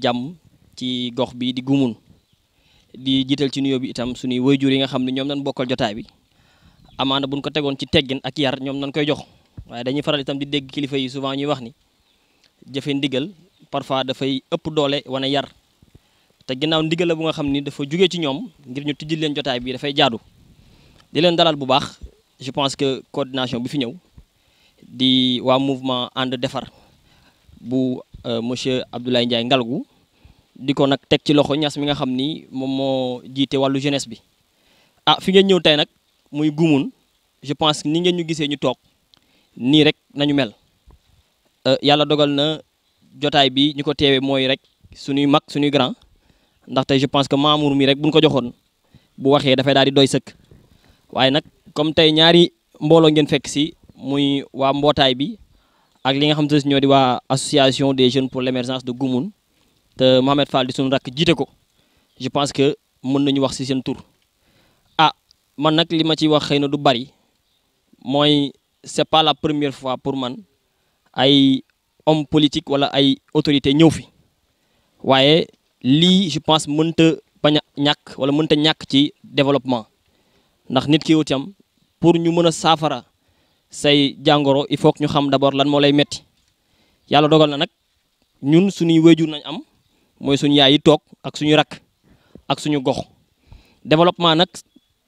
jàmm ci gox bi di gumun di jiital ci nuyoo bi itam suñuy wayjur yi nga xam ne ñoom nañ bokkal jotaay bi amaana buñ ko tegoon ci teggin ak yar ñoom nañ koy jox waaye dañuy faral itam di dégg kilifa yi souvent ñuy wax ni jëfe ndigal parfois dafay ëpp doole wane yar te ginnaaw ndigal la bu nga xam ni dafa jugee ci ñoom ngir ñu tijji leen jotaay bi dafay jaadu di leen dalal bu baax je pense que coordination bi fi ñëw di waa mouvement ànd defar bu euh, monsieur Abdoulaye Ndiaye Ngalgu di ko nag teg ci loxo ñas mi nga xam ni moom moo jiite wàllu jeunesse bi ah fi ngeen ñëw tey nag muy gumun je pense ni ngeen ñu gisee ñu toog nii rek nañu mel euh, yàlla dogal na jotaay bi ñu ko teewee mooy rek suñuy mag suñuy grand ndaxte je pense que Mamour mi rek bu buñ ko joxoon bu waxee dafay daal di doy sëkk waaye nag comme tey ñaari mbooloo ngeen fekk si muy waa mbootaay bi ak li nga xam te ñoo di waa association des jeunes pour l'émergence de Goumoune te Mohamed Fall di suñu rakk jiite ko je pense que mën nañu wax ci seen tur ah man nag li ma ciy wax xëy du bari mooy c'est pas la première fois pour man ay homme politique wala ay autorité ñëw fi waaye lii je pense mënta bañ a ñàkk wala mënta ñàkk ci développement nak nit ki itam pour ñu mën a saafara say jàngoro il faut que ñu xam d'abord lan moo lay metti yàlla dogal na nag ñun suñuy wéjur nañ am moy suñu yaay yi ak suñu rak ak suñu gox développement nak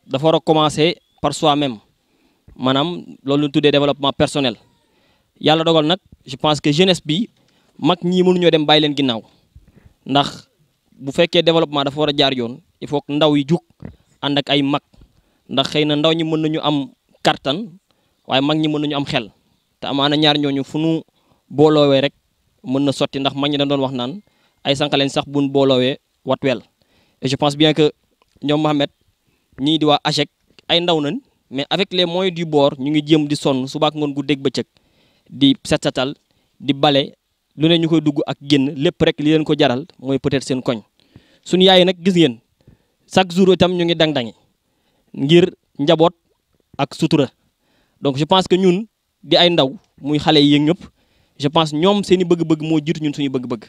da fa a commencer par soi-même manam lolou tuddé développement personnel yalla dogal nak je pense que jeunesse bi ñi mënu ñu dem bàyyi leen ginnaaw ndax bu fekkee développement da fa wara jaar yoon il faut que ndaw yi juk and ak ay mak ndax xeyna ndaw ñi mënu ñu am kartan waye mak ñi mënu ñu am xel té amana ñaar ñoñu fu nu bolowé rek mën soti ndax mag ñi doon wax naan ay sànq lañ sax buñ booloowee Watwell et je pense bien que ñoom Mohamed ñii di waa AGEC ay ndaw nañ mais avec les moyens du boor ñu ngi jéem di sonn subaak ngoon gu dégg bëccëg di set setal di bale lu ne ñu koy dugg ak génn lépp rek li leen ko jaral mooy peut-être seen koñ suñu yaay nag gis ngeen chaque jour itam ñu ngi dang-dangi ngir njaboot ak sutura donc je pense que ñun di ay ndaw muy xale yi ñëpp je pense ñoom seen i bëgg-bëgg moo jiitu ñun suñu bëgg-bëgg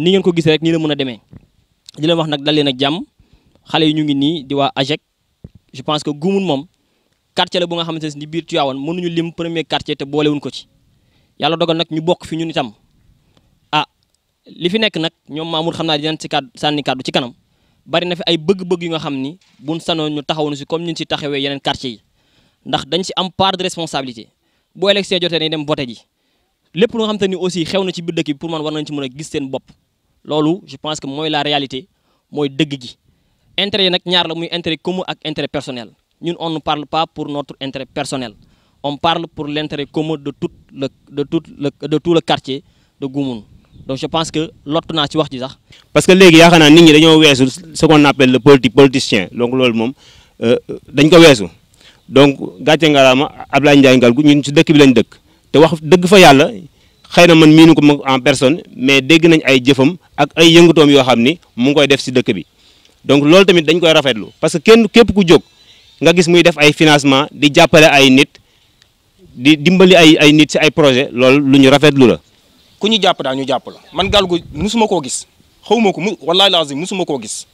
ni ngeen ko gisse rek ni la mëna démé demee di leen wax nak dal leen ak jàmm xalé yi ñu ngi ni di wa ajek je pense que gumul mom quartier la bu nga xamante ne si biir Tivaouane mënuñu lim premier quartier te boolewuñ ko ci yalla dogal nak ñu bokk fi ñun itam ah li fi nek nak ñom Mamour xamna di dinañ ci kàddu sanni kàddu ci kanam bari na fi ay bëgg-bëgg yu nga xamni buñ sanoon ñu taxawoon ci comme ñu ci taxawé yenen quartier yi ndax dañ ci am part de responsabilité bo élection jotee né dem voter ji lépp lu nga xamanteni aussi xewna ci biir dëkk bi pour man war nañ ci mëna a gis seen bopp Lolou, je pense que moy la réalité moy dëgg gi intérêt nak ñaar la muy intérêt commun ak intérêt personnel ñun on ne parle pas pour notre intérêt personnel on parle pour l'intérêt commun de tout le de tout le de tout le quartier de Goumoun donc je pense que lottu na ci wax ci sax. parce que légui yaakaar naa nit ñi dañoo wessu ce qu'on appelle le politique politicien donc mom euh dañ ko wessu donc gatché ngalaama Ablaye ngal gu ñun ci dëkk bi lañ dëkk te wax dëgg fa yalla xëy na man miinu ko moom en personne mais dégg nañ ay jëfam ak ay yëngatoom yoo xam ni mu ngi koy def si dëkk bi donc loolu tamit dañ koy rafetlu parce que kenn képp ku jóg nga gis muy def ay financement di jàppale ay nit di dimbali ay ay nit si ay projet loolu lu ñu rafetlu la. ku ñu jàpp daal ñu jàpp la man Galou Gui musuma koo gis xawma ko mu wallaahi laazim musuma koo gis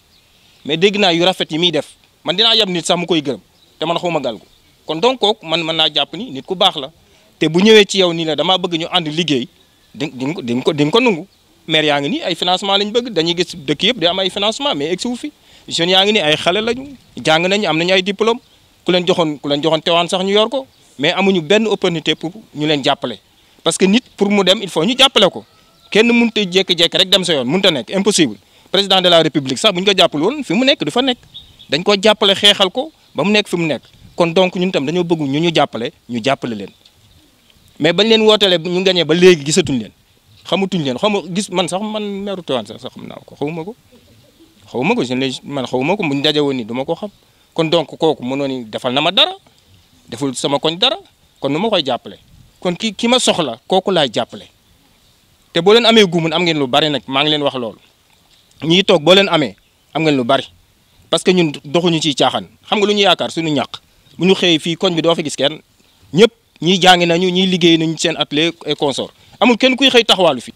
mais dégg naa yu rafet yi muy def man dinaa yab nit sax mu koy gërëm te man xawma Galou ko kon donc man mën naa jàpp ni nit ku baax la. te bu ñëwé ci yow ni la dama bëgg ñu and liggéey ding ko ding ko nungu maire yaangi ni ay financement lañ bëgg dañuy gis dëkk yëpp di am ay financement mais egg fi jeune yaangi ni ay xalé lañu jang nañ am nañ ay diplôme ku leen joxon ku leen joxon tewaan sax ñu yor ko mais amuñu benn opportunité pour ñu leen jappalé parce que nit pour mu dem il faut ñu jappalé ko kenn mënut a jékki-jékki rek dem sa yoon mënut a nekk impossible président de la république sax buñ ko jappul won fi mu nek du fa nek dañ ko jappalé xéxal ko ba mu nek fi mu nek kon donc ñun tam dañu bëgg ñu ñu jappalé ñu jappalé leen mais bañ leen wootalee ñu gañee ba léegi gisatuñ leen xamatuñ leen xamu gis man sax man meeru Tivaouane sax xam naa ko xawuma ko xawuma ko man xawuma ko buñ daje woon ni du ko xam kon donc kooku mënoo ni defal na ma dara deful sama koñ dara kon nu ma koy jàppale kon ki ki ma soxla kooku laay jàppale te boo leen amee gumun am ngeen lu bari nag maa ngi leen wax loolu ñii toog boo leen amee am ngeen lu bari parce que ñun doxuñu ciy caaxaan xam nga lu ñu yaakaar suñu ñàq bu ñu xëyee fii koñ bi doo fa gis kenn ñëpp ñii jàngi nañu ñii liggéey nañu seen atelier et consort amul kenn kuy xëy taxawaalu fi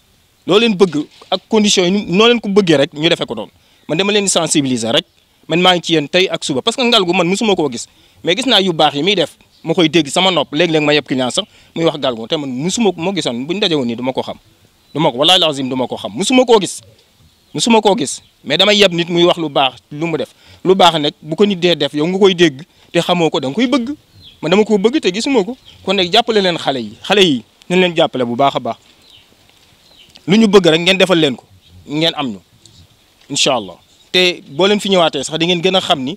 loo leen bëgg ak conditions noo leen ko bëggee rek ñu defee ko doon man dama leen di rek man maa ngi ci yéen tey ak suba parce que ngal gu man mosuma koo gis mais gis naa yu baax yi muy def ma koy dégg sama nop léeg-léeg ma yeb client sax muy wax galgo te man mosuma ko ma gisoon buñu dajewoon ma ko xam du ko wallaahi lazim ma ko xam mosuma koo gis mosuma koo gis mais damay yeb nit muy wax lu baax lu mu def lu baax nag bu ko nit dee def yow nga koy dégg te xamoo ko da nga bëgg man dama koo bëgg te gisuma ko kon nag jàppale leen xale yi xale yi nañ leen jàppale bu baax a baax lu ñu bëgg rek ngeen defal leen ko ngeen am ñu incha allah te boo leen fi ñëwaatee sax di ngeen gën a xam ni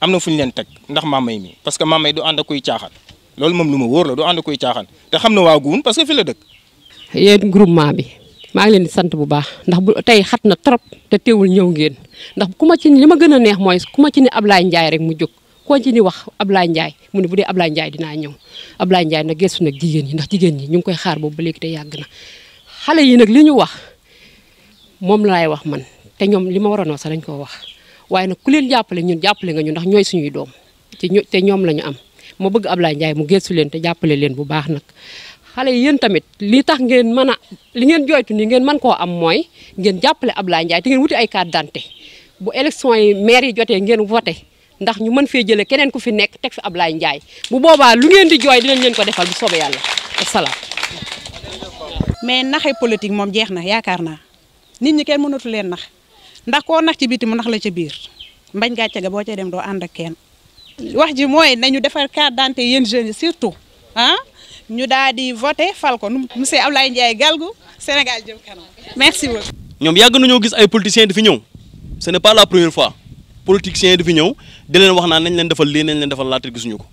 am na fu ñu leen teg ndax maamay mi parce que maamay du ànd ak koy caaxaan loolu moom lu ma wóor la du ànd ak kuy caaxaan te xam na waa Guun parce que fi la dëkk. yéen groupement bi maa ngi leen di sant bu baax ndax tey xat na trop te teewul ñëw ngeen ndax ku ma ci li ma gën a neex mooy ku ma ci ne Ablaye Ndiaye rek mu jóg. koo ci ni wax Ablaye njaay mu ne bu dee Ablaye Ndiaye dinaa ñëw Ablaye Ndiaye nag gëstu nag jigéen ñi ndax jigéen ñi ñu ngi koy xaar boobu ba léegi te yàgg na xale yi nag li ñu wax moom laay wax man te ñoom li ma waroon sax dañ koo wax waaye nag ku leen jàppale ñun jàppale nga ñu ndax ñooy suñuy doom te te ñoom la ñu am ma bëgg Ablaye Ndiaye mu gëstu leen te jàppale leen bu baax nag xale yi yéen tamit lii tax ngeen mën a li ngeen jooytu ni ngeen mën koo am mooy ngeen jàppale Ablaye Ndiaye te wuti ay carte d'identité bu élection yi maire yi jotee ngeen voté ndax ñu mën fee jëlé keneen ku fi nekk tek fi ablay Ndiaye bu boba lu ngeen di joy dinañ leen ko defal bu sobe yalla asalaam. mais naxé politique mom jeexna na nit ñi kenn mënatu leen nax ndax ko nax ci biti mu nax la ci biir mbañ gatcha ga bo ci dem do and ak kenn. wax ji moy nañu defal carte d'identité yeen jeune surtout ah ñu daadi di fal ko monsieur ablay Ndiaye galgu Sénégal jëm kanam merci beaucoup. ñom yag nañu gis ay politiciens di fi ñew ce n'est pas la première fois. politiciens yi du fi ñëw di leen wax naan nañ leen defal lii nañ leen defal laata gisuñu ko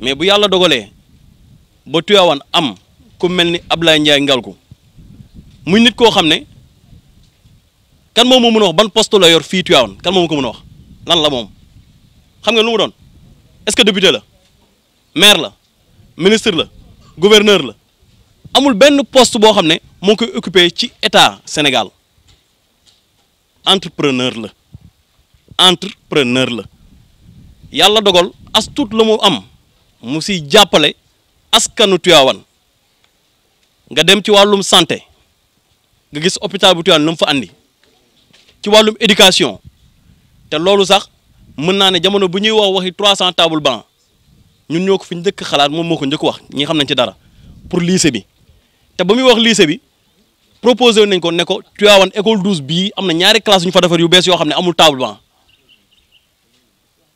mais bu yàlla dogalee ba tuyaawan am ku mel ni Ablaye ngal ko mu nit koo xam ne kan moom moo mën a wax ban poste la yor fii tuyaawan kan moom ko mën a wax lan la moom xam nga lu mu doon est-ce que député la maire la ministre la gouverneur la amul benn poste boo xam ne moo koy occupé ci état Sénégal entrepreneur la entrepreneur la yàlla dogal as tout la mu am mu si jàppale askanu Tivaouane nga dem ci wàllum santé ga gis hôpital bu Tivaouane lu fa andi ci wàllum éducation te loolu sax mën naa ne jamono bu ñuy wax waxi trois cent table banc ñun ñoo ko fi njëkk xalaat moom moo ko njëkk wax ñi xam nañ ci dara pour lycée bi te ba muy wax lycée bi proposé nañ ko ne ko Tivaouane école douze bii am na ñaari classe yu ñu fa yu bees yoo xam ne amul table banc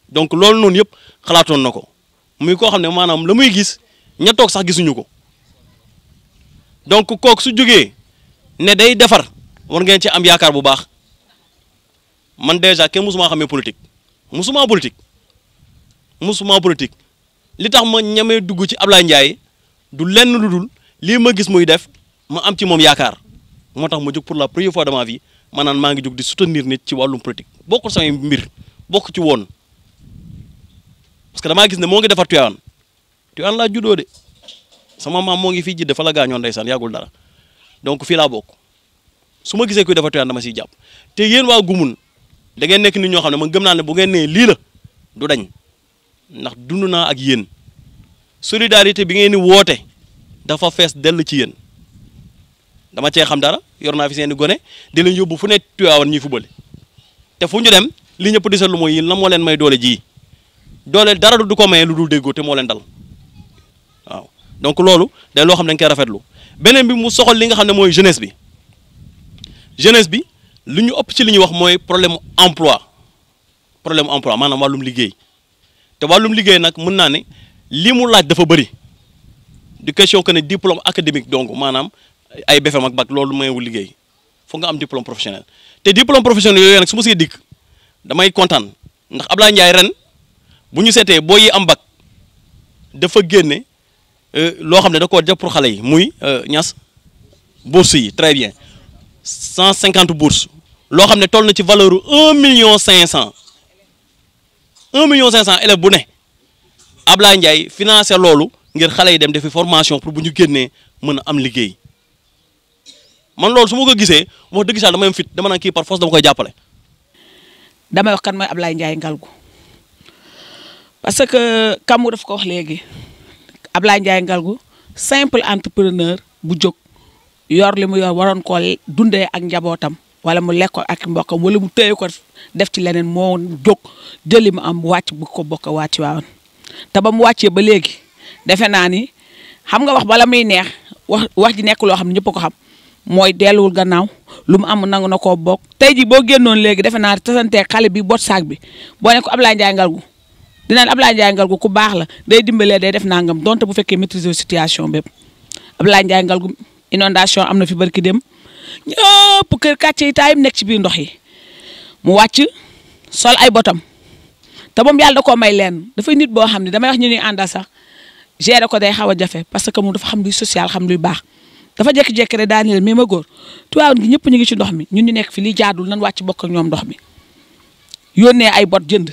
donc loolu non yep xalaatoon nako muy ko xamne manam lamuy gis ña tok sax gisunu ko donc kok su jógee ne day defar war ngeen ci am yakar bu baax man deja ke musuma xamé politique musuma politique musuma politique li tax ma ñame dugg ci abdoulaye Ndiaye du lenn luddul li ma gis muy def ma am ci mom yakar motax ma jóg pour la première fois de ma vie manan ma ngi jóg di soutenir nit ci walum politique bokku sama mbir bokku ci parce que damaa gis ne moo ngi defar Tivaouane laa juddoo de sama maam moo ngi fii jidde fa la gaañoon ndeysaan yàggul dara donc fii laa bokk su ma gisee kuy defar Tivaouane dama siy jàpp te yéen waa Gumun da nekk ni ñoo xam ne man gëm naa ne bu ngeen nee lii la du dañ ndax dund naa ak yéen solidarité bi ngeen di woote dafa fees dell ci yéen dama cee xam dara yor naa fi seen i gone di leen yóbbu fu ne Tivaouane ñuy fubale te fu ñu dem li ñëpp di seetlu mooy yéen la moo leen may doole ji. dooleel dara du ko may lu dul déggoo te mo len dal waaw donc lolu day lo xam ne dañ koy rafetlu benen bi mu soxal li nga xam ne mooy jeunesse bi jeunesse bi li ñu ëpp ci li ñuy wax moy problème emploi problème emploi manam walum liggey te walum liggey nak mën na ne li mu laaj dafa bari du question que ne diplôme académique donc manam ay BFEM ak bac may wu liggey fo nga am diplôme professionnel te diplôme professionnel yoy nak su ma see dikk damay contane ndax abla ndjay ren. bu ñu seetee boo yi am bac dafa génne euh lo xamné da ko jàpp pour xale yi muy euh, ñas bourse yi très bien 150 bourses lo xamné xam toll na ci valeur 1 un million 500 cent million cinq élèves bu né Ablaye Ndiaye financer lolu ngir xalé yi dem defi formation pour bu ñu génnee mën am liggéey man lolu su ko gissé wax dëgg saa dama am fit dama naan kii par force dama koy jappalé dama wax kan moy Ablaye Ndiaye Ngalgou. parce que Kamou daf ko wax léegi Ablaye Ndiaye Ngalgou simple entrepreneur bu jóg yor li mu yor waroon koo dundee ak njabootam wala mu lekk ak mbokkam wala mu téye ko def ci leneen moo jóg jëli mu am wàcc bu ko bokk wàcc waawan te ba mu wàccee ba léegi defe naa ni xam nga wax bala muy neex wax wax ji nekk loo xam ne ko xam mooy delluwul gannaaw lu mu am nangu na ko bokk tey ji boo génnoon léegi defe naa tasantee xale bi bot saag bi boo ne ko Ablaye Ndiaye Ngalgou dinaan Ablaye Ndiaye Ngalgou ku baax la day dimbalee day def nangam donte bu fekkee maîtriser situation bépp Ablaye Ndiaye Ngalgou inondation am na fi barki dem ñëpp kër kàcce nekk ci biir ndox yi mu wàcc sol ay botam te moom yàlla da koo may leen dafa nit boo xam ne damay wax ñu ni ànda sax gérer ko day xaw a jafe parce que moom dafa xam di social xam luy baax dafa jékki-jékki rek daaneel mais ma góor tuwaawoon gi ñëpp ñu ngi ci mi ñun ñu nekk fi li jaadul nan wàcc bokk ak ñoom mi yónnee ay bot jënd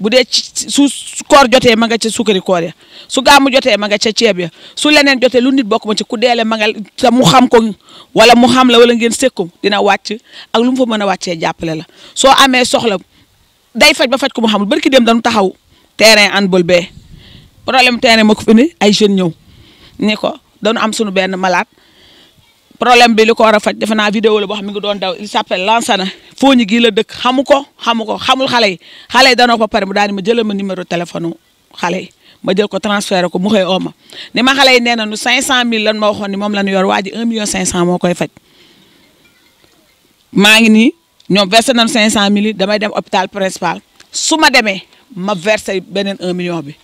bu dee ci su koor jotee ma nga ca sukkari koor ya su gàmmu jotee ma nga ca ceeb ya su leneen jotee lu nit bokk ma ci ku deele ma nga te mu xam ko wala mu xam la wala ngeen ko dina wàcc ak lu mu fa mën a wàccee jàppale la soo amee soxla day faj ba faj ko mu xamul barki dem dañu taxaw terrain handball bee problème terrain ma ko fi indi ay jeunes ñëw ni ko dañu am suñu benn malaat problème bi li a faj defe naa vidéo la boo xam ne mi ngi doon daw il s'appelle Lansana Fogni gii la dëkk xamu ko xamu ko xamul xale yi xale yi danoo ko pare mu daal di ma jëlal ma numéro téléphone xale ma jël ko transféré ko mu xëy ooma ni ma xale yi nee nañu 500000 lan ma waxoon ni moom la ñu yor waa ji 1 million 500 moo koy faj maa ngi nii ñoom versé nañu 500000 yi damay dem hôpital principal su ma demee ma versé beneen un million bi.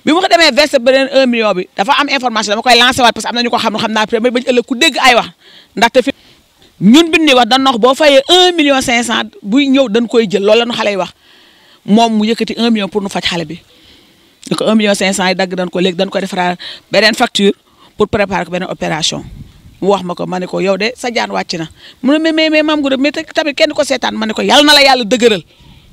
bi mu ko demee verser beneen un million bi dafa am information dama koy lancer waat parce que am na ñu ko xam ne xam naa après bañ ku dégg ay wax ndaxte fi ñun bi ñu wax dañ wax boo fayee un million cinq cent buy ñëw dañ koy jël loola la ñu xale wax moom mu yëkkati un million pour nu faj xale bi ne ko un million cinq cent yi dagg dañ ko léegi dañ ko defaraat beneen facture pour préparer ko beneen opération mu wax ma ko ma ne ko yow de sa jaan wàcc na mu ne mais mais maam Gouré tamit kenn ko seetaan ma ne ko yàlla na la yàlla dëgëral.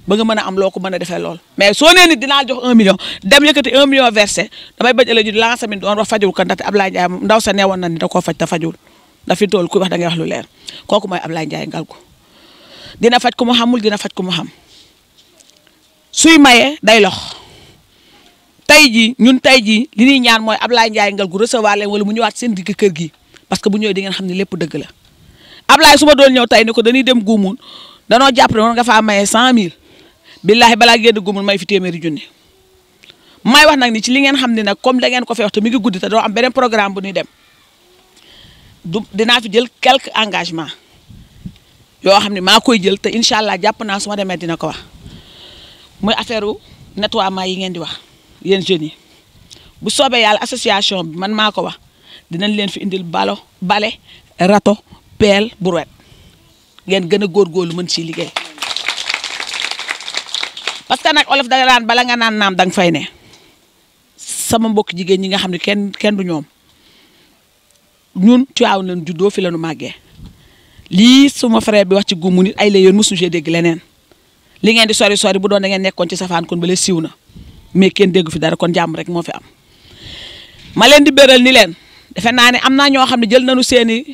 ba nga mën a am loo ko mën a defee lool mais soo nee ni dinaa jox un million dem yëkkati un million versé damay bañ ëllëg ñu Lansamiin doon wax fajul ko ndaxte Ablaye Ndiaye ndaw sa neewoon na ni da koo faj te fajul dafi wax da ngay wax lu leer kooku mooy Ablaye Ndiaye Ngalgou dina faj ku mu xamul dina faj ku mu xam suy maye day lox tey jii ñun tey jii li ñuy ñaan mooy Ablaye Ndiaye Ngalgou recevoir leen wala mu ñëwaat seen digg kër gi parce que bu ñëwee di ngeen xam ne lépp dëgg la Ablaye su ma doon ñëw tey ni ko dañuy dem guumuun danoo jàpp ne war nga faa maye mille billaahi balaa génn gumul may fi téeméeri junni may wax nag ni ci li ngeen xam ne nag comme da ngeen ko fi wax te mi ngi guddi doo am beneen programme bu ñuy dem du dinaa fi jël quelques engagement yoo xam ne maa koy jël te incha allah jàpp naa su demee dina ko wax muy affaire wu nettoiement yi ngeen di wax yéen jeunes yi bu soobee yàlla association bi man maa ko wax dinañ leen fi indil balo bale rato peel brouette ngeen gën a góorgóorlu mën ci liggéey. parce que nag olof da daan bala nga naan naam danga fay ne sama mbokk jigéen ñi nga xam ne kenn kenn du ñoom ñun tuwaaw nañ juddoo fi la nu màggee lii suma frère bi wax ci gumu nit ay la yoon mosu dégg leneen li ngeen di sori sori bu doon da ngeen nekkoon ci safaan kon ba le siiw na mais kenn déggu fi dara kon jàmm rek moo fi am ma leen di béral ni leen defe naa ne am naa ñoo xam ne jël fii seeni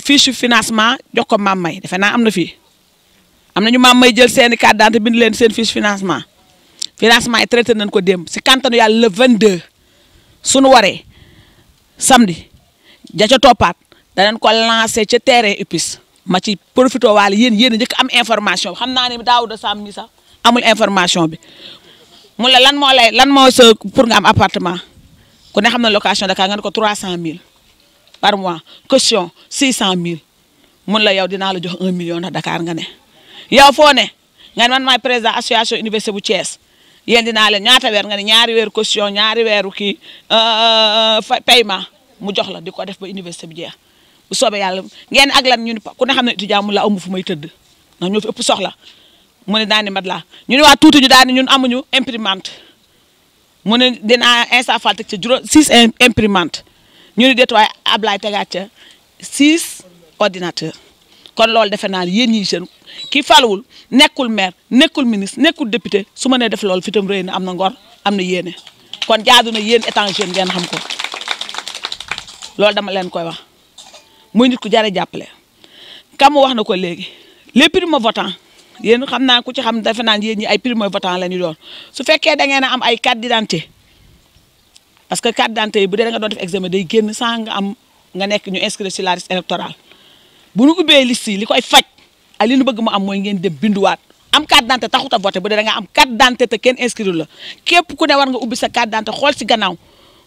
fiche financement jox ko maam defe naa am na fii am na ñu maam may jël seeni carte d'identité bindi leen seen fiche financement financement traité nañ ko démb si kantanu yàlla le 22 suñu waree samedi ja ca toppaat danañ ko lancé ca terrain UPIS ma ci profité waale yéen yéen a njëkk am information xam naa ne Daouda Sam mi sax amul information bi mu la lan moo lay lan moo sa pour nga am appartement ku ne xam na location Dakar nga ne ko 300000 par mois caution 600000 mun la yow dinaa la jox 1 million ndax Dakar nga ne. yow foo ne nga ne man maay président association université bu Thiès yéen dinaa leen ñaata weer nga ne ñaari weer caution ñaari weeru kii euh, euh, paiement mu jox la di ko def ba université bu jeex bu soobee yàlla ngeen ak lan ñu ne ku ne xam ne étudiant mu la amu fu may tëdd ndax ñoo fi ëpp soxla mu ne daan ni mat laa ñu ne waa tuuti ñu daan ni ñun amuñu imprimante mu ne dinaa instant fal teg ca juróom six imprimante ñu ne déet waaye tegaat ca six ordinateur kon loolu defe naa yéen ñii jeune ki faluwul nekkul maire nekkul ministre nekkul député su ma nee def loolu fitam rëy na am na ngor am na yéene kon jaadu na yéen étant jeune ngeen xam ko loolu dama leen koy wax muy nit ku jare jàppale kama wax na ko léegi les primo-votants yéen xam naa ku ci xam defe naa yéen ñi ay primo-votants la ñu doon su fekkee da ngeen am ay carte d'identité parce que carte d'identité yi bu dee da nga doon def examen day génn sans nga am nga nekk ñu inscrit sur la liste électorale bu ñu ubbee liste yi li koy faj ak li ñu bëgg mu am mooy ngeen dem binduwaat am carte d'identité taxut a voté bu dee da nga am carte dante te kenn inscrit la képp ku ne war nga ubbi sa carte d'identité xool si gannaaw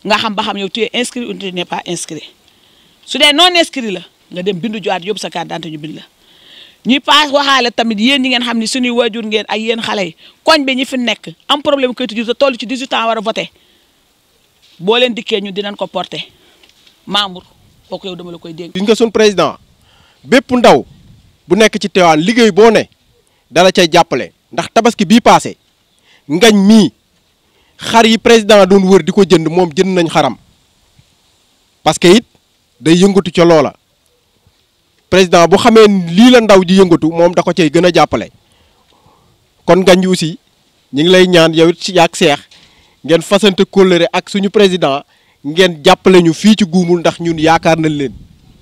nga xam ba xam yow tu es inscrit ou pas inscrit su dee non inscrit la nga dem bindu jowaat yóbbu sa carte d'identité ñu bind la ñuy paas waxaale tamit yéen ñi ngeen xam ne suñuy waajur ngeen ak yéen xale yi koñ bi ñi fi nekk am problème kayitu juddu te ci 18 ans war a voté boo leen dikkee ñu dinañ ko porté membre kooku yow dama la koy dégg. gis nga suñu président. bépp ndaw bu nek ci Tivaouane liggéey bo ne dala cey jàppale ndax tabaski bi passé ngagn mi xar yi président doon wër diko jënd mom jënd nañ xaram parce que it day yëngutu ci loola président bu xamé li la ndaw ji yëngutu mom da ko cey gëna a kon ngagn yu ci ñi ngi lay ñaan yow ci yak seex ngeen fassante kóllëre ak suñu président ngeen jàppale ñu fi ci guumul ndax ñun yaakar nañ leen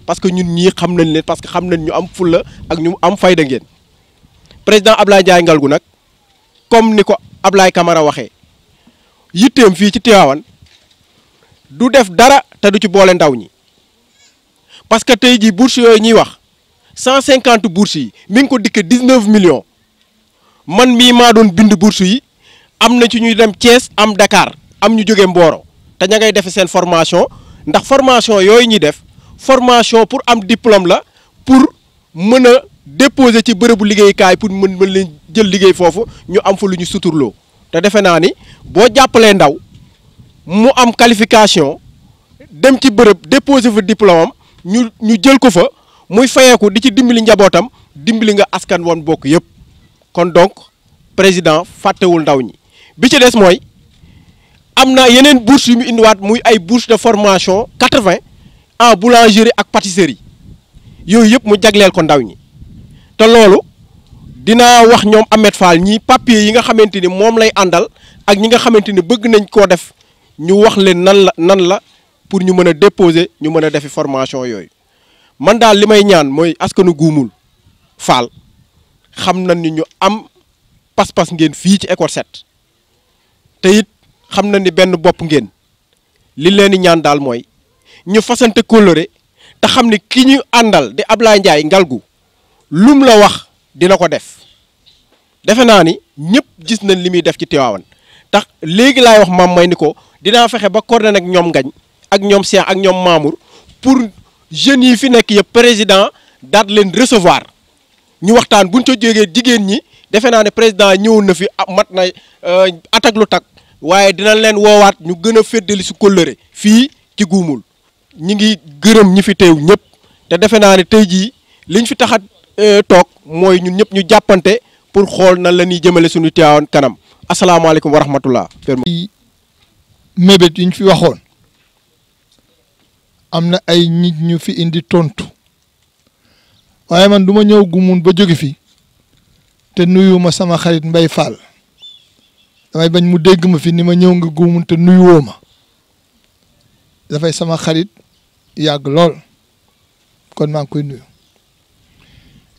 parce que nous sommes xam parce que nous sommes ñu am fulla am fayda président Ablaye Ndiaye comme niko Kamara, « Ablaye Camara waxé yittém qui ci Tivaouane du def dara té du ci parce que tay ji bourse yoy wax 150 mi ngi millions man mi ma doon bind ci ñuy dem am Dakar am ñu joggé Mboro té ña formation formation def formation pour am diplôme la pour mën déposer ci bërëbu liggéeykaay pour mën mën leen jël liguey fofu ñu am fa luñu suturlo suturloo te defe naa ni boo ndaw mu am qualification dem ci bërëb déposer fa diplôme ñu ñu jël ko fa muy fayeeku di ci dimbali njabootam dimbali nga askan won bok yépp kon donc président wul ndaw ñi bi ci des moy Amna yenen bourse yu mu wat muy ay bourse de formation 80. en boulangerie ak pâtisserie yooyu yëpp mu jagleel ko ndaw ñi te loolu dinaa wax ñoom Ahmed Fall ñii papier yi nga xamante ni moom lay àndal ak ñi nga xamante ni bëgg nañ koo def ñu wax leen nan la nan la pour ñu mën a déposer ñu mën a defi formation yooyu man daal li may ñaan mooy askanu guumul Fall xam na ni ñu am pas-pas ngeen fii ci école set te it xam na ni benn bopp ngeen li leen di ñaan daal mooy. ñu fasante kóllëre te xam ne ki ñu àndal di Ablaye Ndiaye Ngalgou lum la wax dina ko def defe naa ni ñëpp gis nañ li muy def ci Tiwaawan tax léegi laay wax maam may ni ko dinaa fexe ba korne nag ñoom ngañ ak ñoom seex ak ñoom Mamour pour jeunes yi fi nekk yëpp président daat leen recevoir ñu waxtaan buñ ca jógee jigéen ñi defe naa ne président ñëw na fi mat na euh, attaque lu tag waaye dinañ leen woowaat ñu gën a féddali su kóllëre fii ci guumul ñi ngi gërëm ñi fi teew ñëpp té défé na né tay ji liñ fi taxat euh, tok moy ñun ñëpp ñu jappanté pour xol nan la ni jëmele suñu tiawon kanam alaykum wa rahmatullah mebet yiñ fi waxoon amna ay nit ñu fi indi tontu waye man duma ñew gumun ba joggi fi té nuyu ma sama xarit Mbay Fall damay bañ mu dégg ma fi ni ma ñew nga gumun ma fay sama xarit yàgg lool kon maa ngi koy nuyu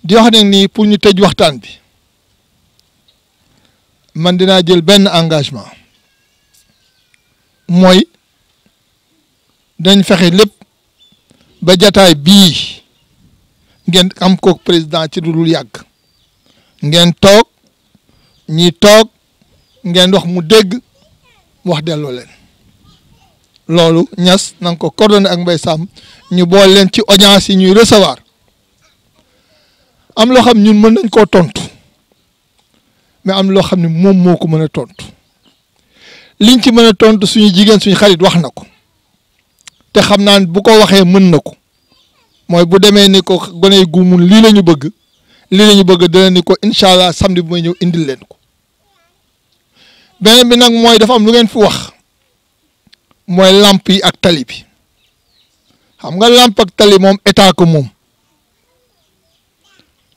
di wax nag nii pour ñu tëj waxtaan bi man dinaa jël benn engagement mooy dañ fexe lépp ba jataay bii ngeen am kook président ci lu dul yàgg ngeen toog ñi toog ngeen wax mu dégg wax delloo leen loolu ñas nang ko coordonné ak mbay Samb ñu bool leen ci audience yi ñuy recevoir am loo xam ñun mën nañ koo tontu mais am loo xam ne moom moo ko mën a tontu liñ ci mën a tontu suñu jigéen suñu xarit wax na ko te xam naa bu ko waxee mën na ko mooy bu demee ni ko gone gu mun lii la ñu bëgg lii la ñu bëgg dana ko incha allah samedi bu may ñëw indil leen ko beneen bi nag mooy dafa am lu ngeen fi wax. mooy làmp yi ak tali bi xam nga làmp ak tali moom état ko moom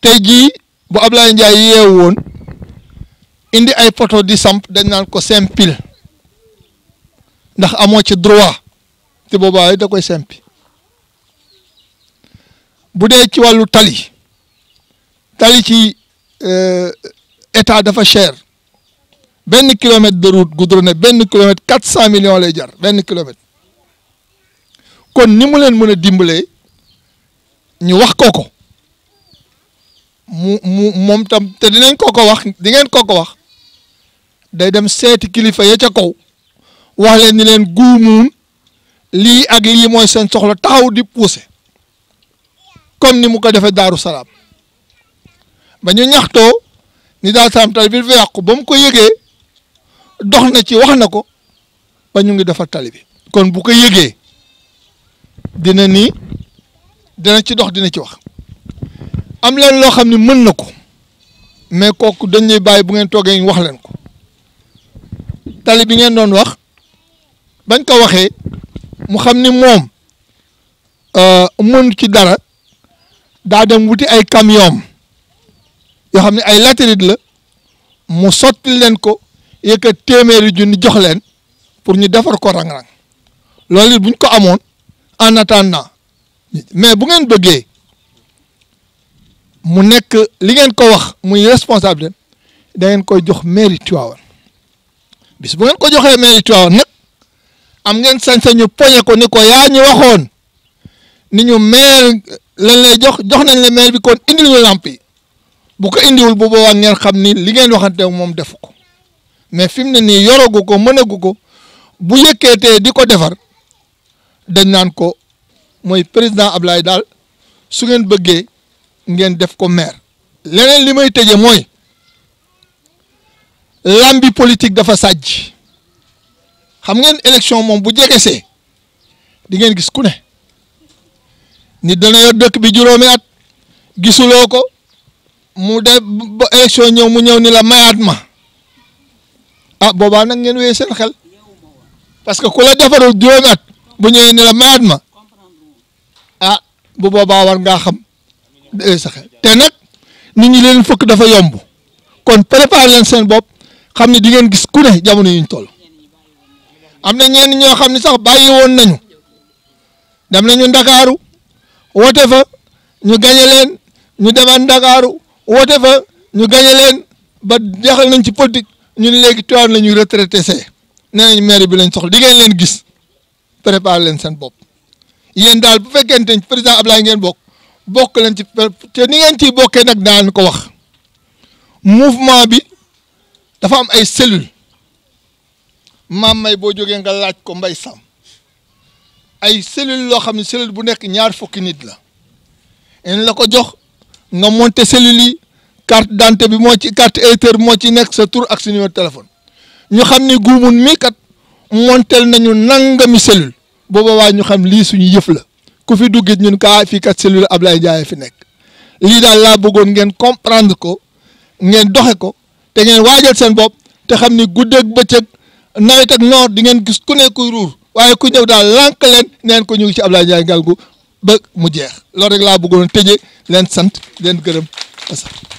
tey jii bu Ablaye Ndiaye yeewu woon indi ay poto di samp dañ naan ko sempil ndax amoo ci droit te boobaa da koy sempi bu dee ci wàllu tali tali ci euh, état dafa cher 20 kilomètre de route goudronné benn kilomètre 400 millions lay jar benn kilomètre kon ni mu len meuna dimbalé ñu wax koko mu mu tam té dinañ koko wax di ngén koko wax day dem séti kilifa ya ca kaw wax len ni len goumoun li ak li moy sen soxla taxaw di pousser comme ni mu ko défé daru salam ba ñu ñaxto ni da Salaam tali bi fi yaq ba mu ko yégué dox na ci wax na ko ba ñu ngi defar tali bi kon bu ko yëgee dina ni dina ci dox dina ci wax am leen loo xam ne mën na ko mais kooku dañ lay bàyyi bu ngeen toogee wax leen ko tali bi ngeen doon wax bañ ko waxee mu xam ni moom euh, mën ci dara daa dem wuti ay camion yoo xam ne ay latérite la mu sottil leen ko yëkkat téeméeri junni jox len pour ñu défar ko rang-rang loolu buñ ko amone en attendant mais bu ngeen bëggé mu nek li ngeen ko wax muy responsable da ngeen koy jox mairie Tivaouane bis bu ngeen ko joxé mairie Tivaouane nak am ngeen sañ-sañu poñe ko ni ko yaa ñu waxoon ni ñu mail la lay jox jox nañ la mail bi kon indi lu làmp bu ko wul bu wa ngeen xamni li ngeen waxante mom defuko mais fim ni yoro nii yoragu ko mënagu ko bu yekete di ko defar dañ nan ko moy président Ablaye dal su ngeen bëggee ngeen def ko maire. leneen limay may moy lambi politique dafa sajj xam ngeen élection mom bu jégesé di ngeen gis ku ne ni dana yo dëkk bi juróomi at gisuloo ko mu de élection ñëw mu ñëw ni la mayaat ma ah boba nak ngeen wéy seen xel parce que kula la defarul juróomi bu ñëwee ni la mayaat ma ah bu boba war nga xam wéy eh, sa xel te nag nit ñi leen fukk dafa yomb kon préparer leen seen bop xamni di ngeen gis ku ne jamono yuñ toll amna ñeen ñenn ñoo xam sax bayyi won nañu dem nañu dakaru wote fa ñu gagné leen ñu demaat dakaru wote fa ñu gagné leen ba jaxal nañ ci politique ñun léegi Tivaouane la ñuy retraité see nee maire bi lañ soxla di ngeen leen gis préparé leen seen bopp yéen daal bu fekkente ne président Ablaye ngeen bokk bokk leen ci te ni ngeen ciy bokkee nag daan ko wax mouvement bi dafa am ay cellules maam may boo jogee nga laaj ko mbay sam ay cellules loo xam ne cellule bu nekk ñaar fukki nit la en la ko jox nga monte cellules yi carte d'identité bi moo ci carte électeur moo ci nekk sa tur ak sa numéro téléphone ñu xam ne guumun mi kat montel nañu nangami cellule booba waa ñu xam lii suñu yëf la ku fi duggit ñun kaa fii kat ab lay Ndiaye fi nekk lii daal laa bëggoon ngeen comprendre ko ngeen doxe ko te ngeen waajal seen bopp te xam ni guddeeg bëccëg nawet ak noor di ngeen gis ku nekk kuy ruur waaye ku ñëw daal lank leen neen ko ñu ngi ci Ablaye Ndiaye Ngalgou ba mu jeex loolu rek laa bëggoon tëjee leen sant leen gërëm